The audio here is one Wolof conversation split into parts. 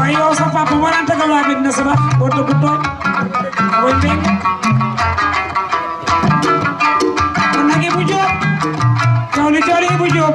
waaye yow sa papa warante nga loo amit na sama boo dëggu tooñ awoñ beeg kon nag Ibou Diop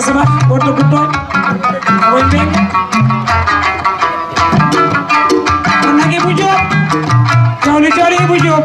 na sebab bodoh bodoh awal beng menagi bujuk jauh jauh bujuk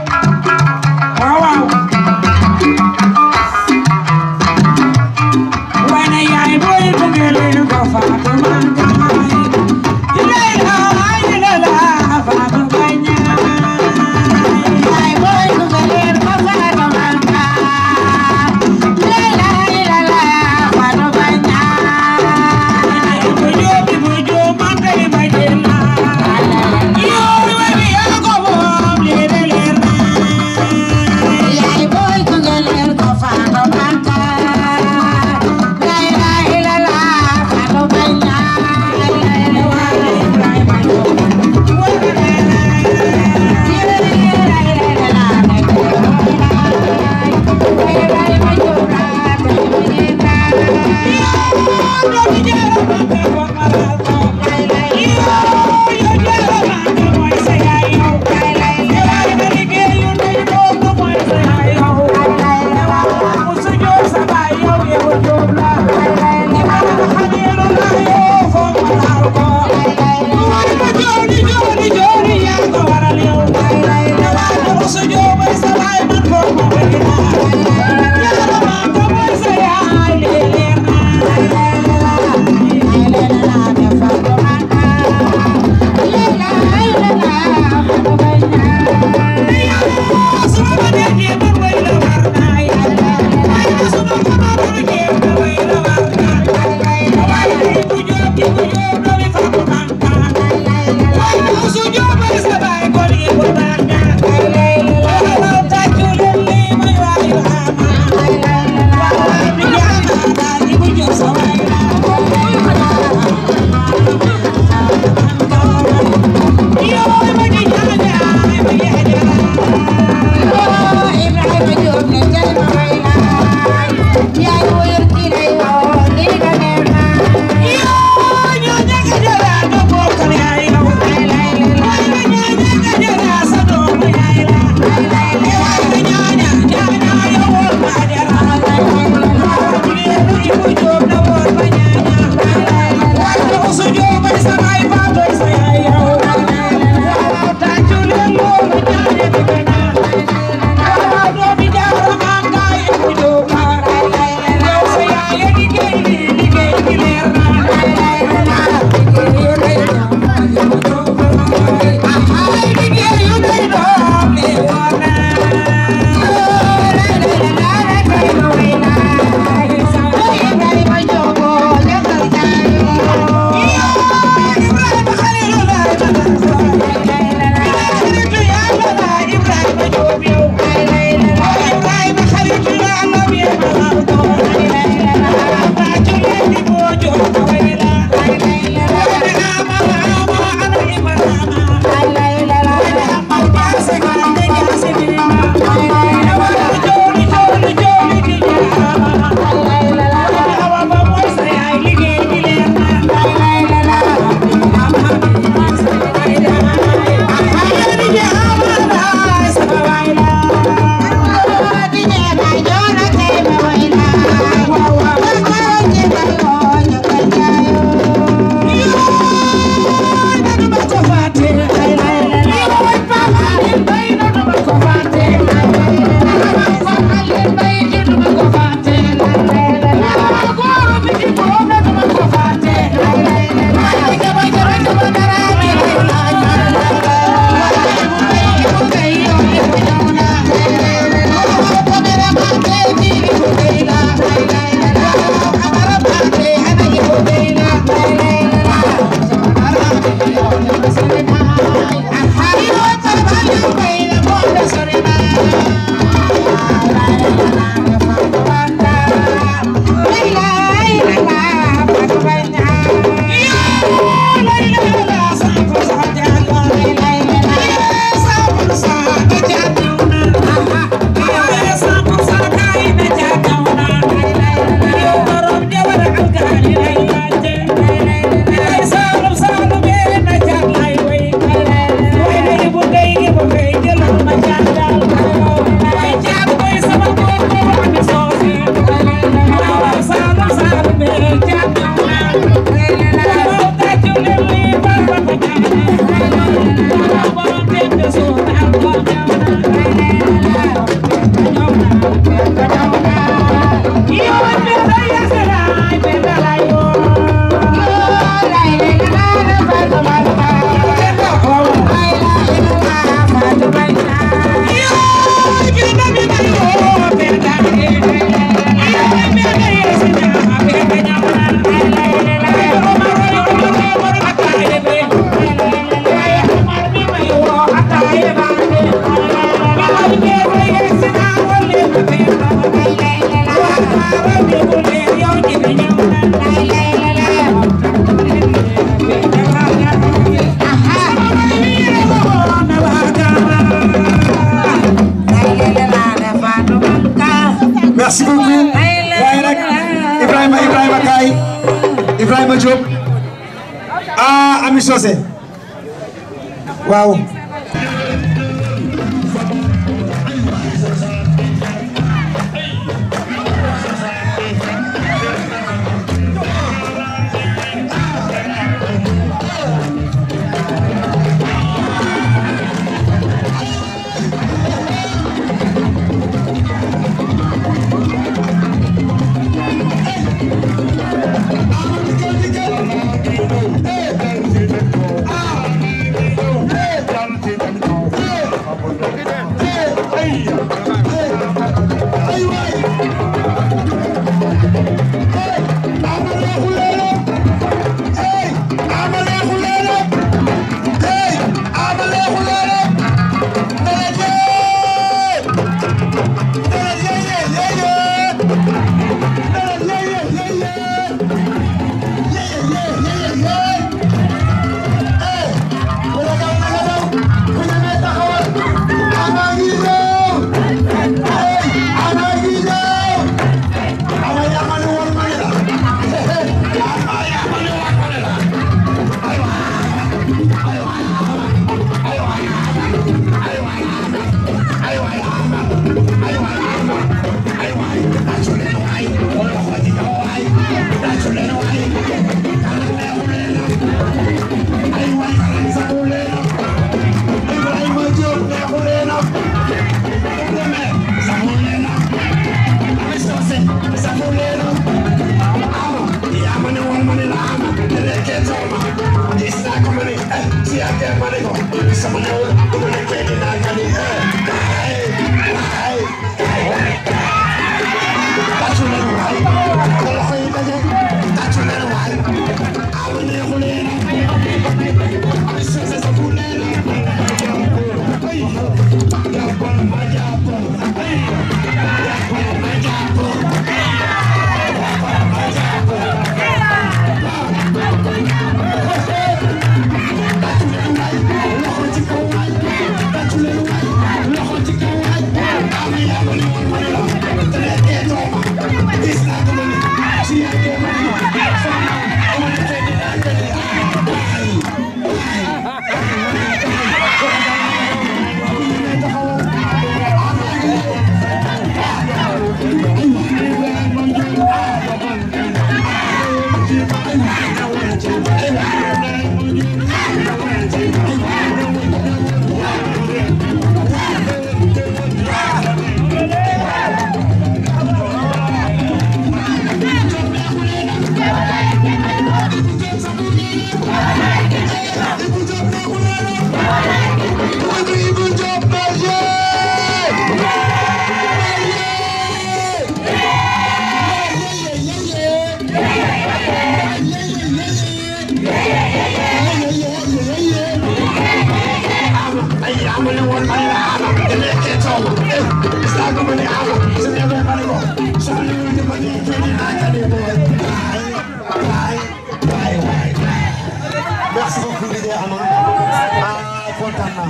merci beaucoup Ligue Anon ah kontaan naa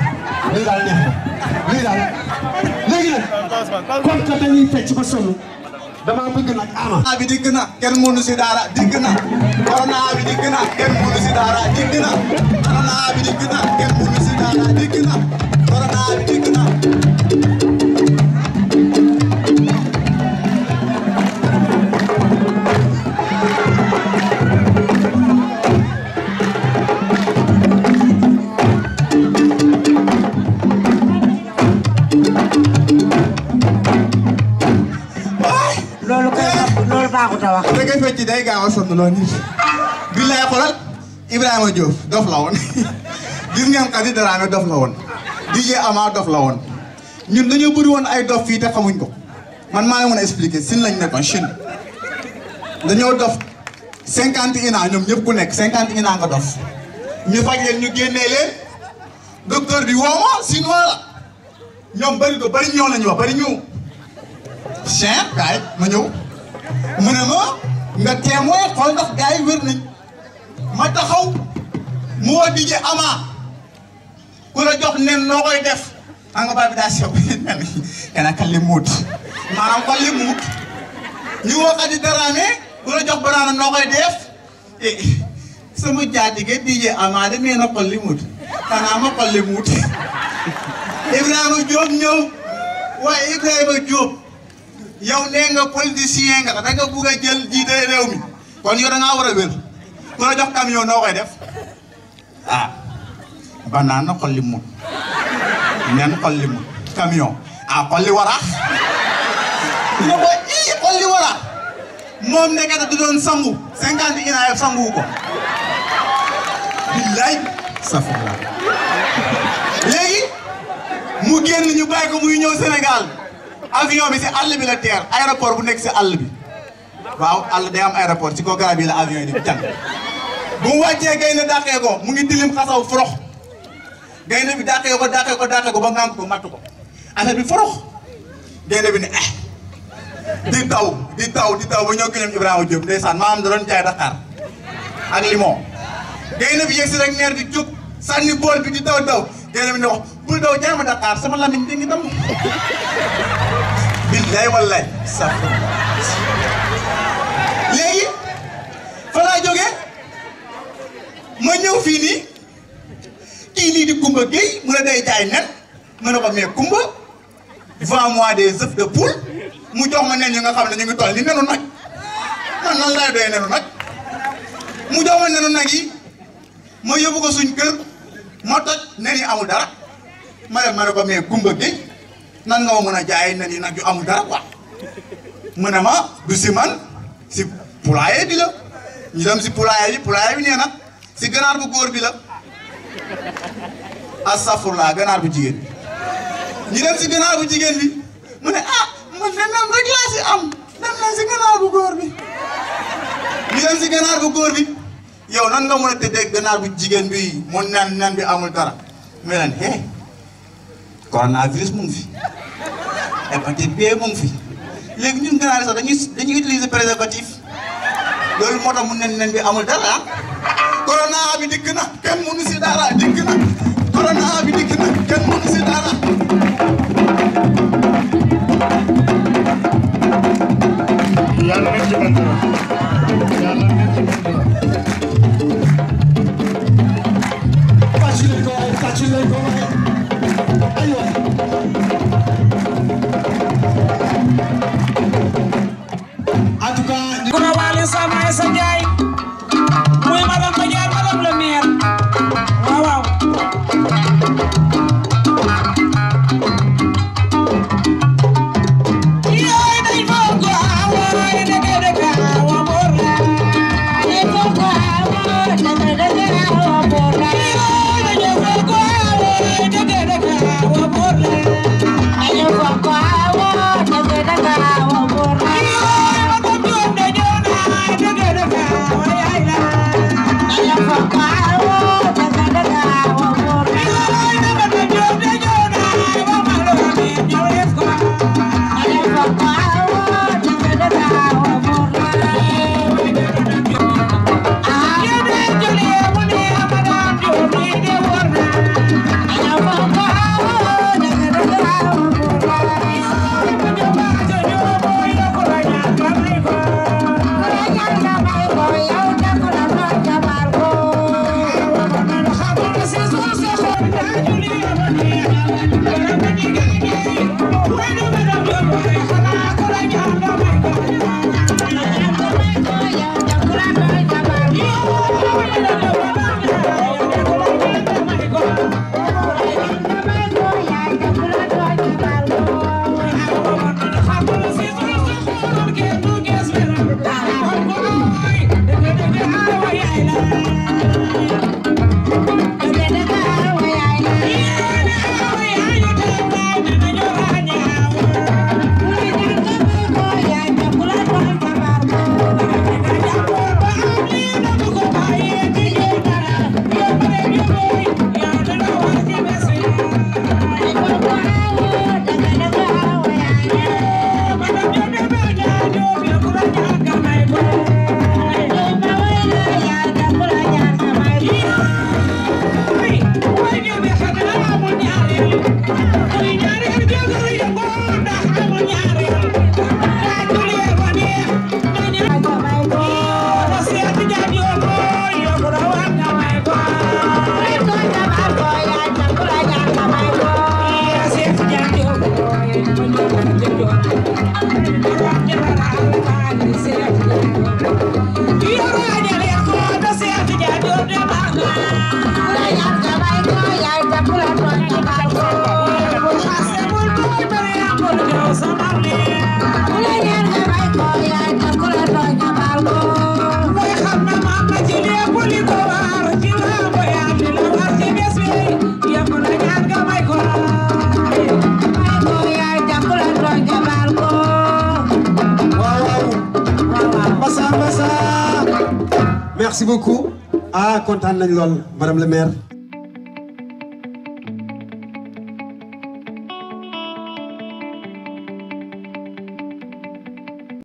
lii daal neex na lii daal léegi nag comme que dañuy fecc ba sonn damaa bëgg nag ama. corona bi digg na kenn mënu si dara digg na corona bi digg na kenn mënu si dara digg na corona bi digg na kenn mënu si dara digg na corona bi digg na. loolu baaxut a wax. dëgg fecc day gaaw a sonn lool nit. Ibrahima Diouf dof la woon gis ngeen Khady Dramé dof la woon DJ Ama dof la woon ñun dañoo bëri woon ay dof fii te xamuñ ko man maa ngi mën a expliquer sin lañ nekkoon Chine dañoo dof cinquante et un ñoom ñëpp ku nekk cinquante et un ans nga dof ñu faj leen ñu génnee leen docteur bi woo ma chinois la ñoom bëri do bëri ñëw la ñu wax ñëw chien kaay ma ñëw mu ne ma nga témoin xool ndax gars yi wér nañ ma taxaw moo di je amaa ku la jox nen noo koy def xam nga bi daa sew kenn ak li muut maanaam kon li muut ñu woo Khady Dramé ku la jox banaana noo koy def eh, sama jaatige di je amaa de nee na xol li muut xanaa ma xol li muut Ibrahima Diop ñëw waaye Ibrahima Diop. yow nee nga politicien nga da nga bugg a jël jiite réew mi kon yow da war a wér ku la jox camion noo koy def ah banaan na xolli mut nen xolli mut camion ah xolli waraax ñu ne ko ii xolli du doon sangu cinquante inaayef sangu ko billaay safara léegi mu génn ñu bàyyi ko muy ñëw Sénégal avion bi si àll bi la teer aéroport bu nekk si àll bi waaw àll day am aéroport si kaw garab yi la avion yi di jàng bu wàccee gaynde dàqee ko mu ngi tilim xasaw forox gaynde bi dàqee ko dàqee ko dàqee ko ba ngànk ko matt ko affaire bi forox gaynde bi ne eh di taw di taw di taw ba ñoo gënam Ibrahima Diop ndeysaan maam da doon jaay Dakar ak limon gaynde bi yegg si rek neer di jóg sànni bool bi di daw daw gaynde bi ne wax bul daw jaay ma sama lamiñ di ngi damm billaay wallaay sàmm léegi fa laa ma ñëw fii nii kii lii di Kumba Gueye mu ne day jaay nen ma ne ko mais Kumba vends de poule mu jox ma nen yi nga xam ne ñu ngi toll ni nenu nag man nan laay doy nenu nag mu jox ma nenu nag yi ma yóbbu ko suñ kër ma toj nen yi amul dara ma dem ma ne ko mais Kumba Gueye nan nga ma mën a jaayee nen yi nag yu amul dara quoi mu ne ma du si man si poulailler bi ñu dem si poulailler bi bu góor bi la astafurlaa bu jigéen bi ñu dem bu jigéen bi mu ne ah si ganaar bu góor bi ñu dem si ganaar bu góor bi yow nan nga mën a tëddee ganaar bu jigéen bi mu nen nen bi amul dara mu leen eh, coronavirus mu fi hépatite B mu ngi fi léegi ñun ganaar sax dañuy dañuy utiliser préservatif loolu moo tax mu nen nen bi amul dara corona bi dikk na kenn mënu si dikk na corona bi dikk na kenn mënu si dara yàlla na ci mën merci beaucoup ah kontaan nañ lool madame le maire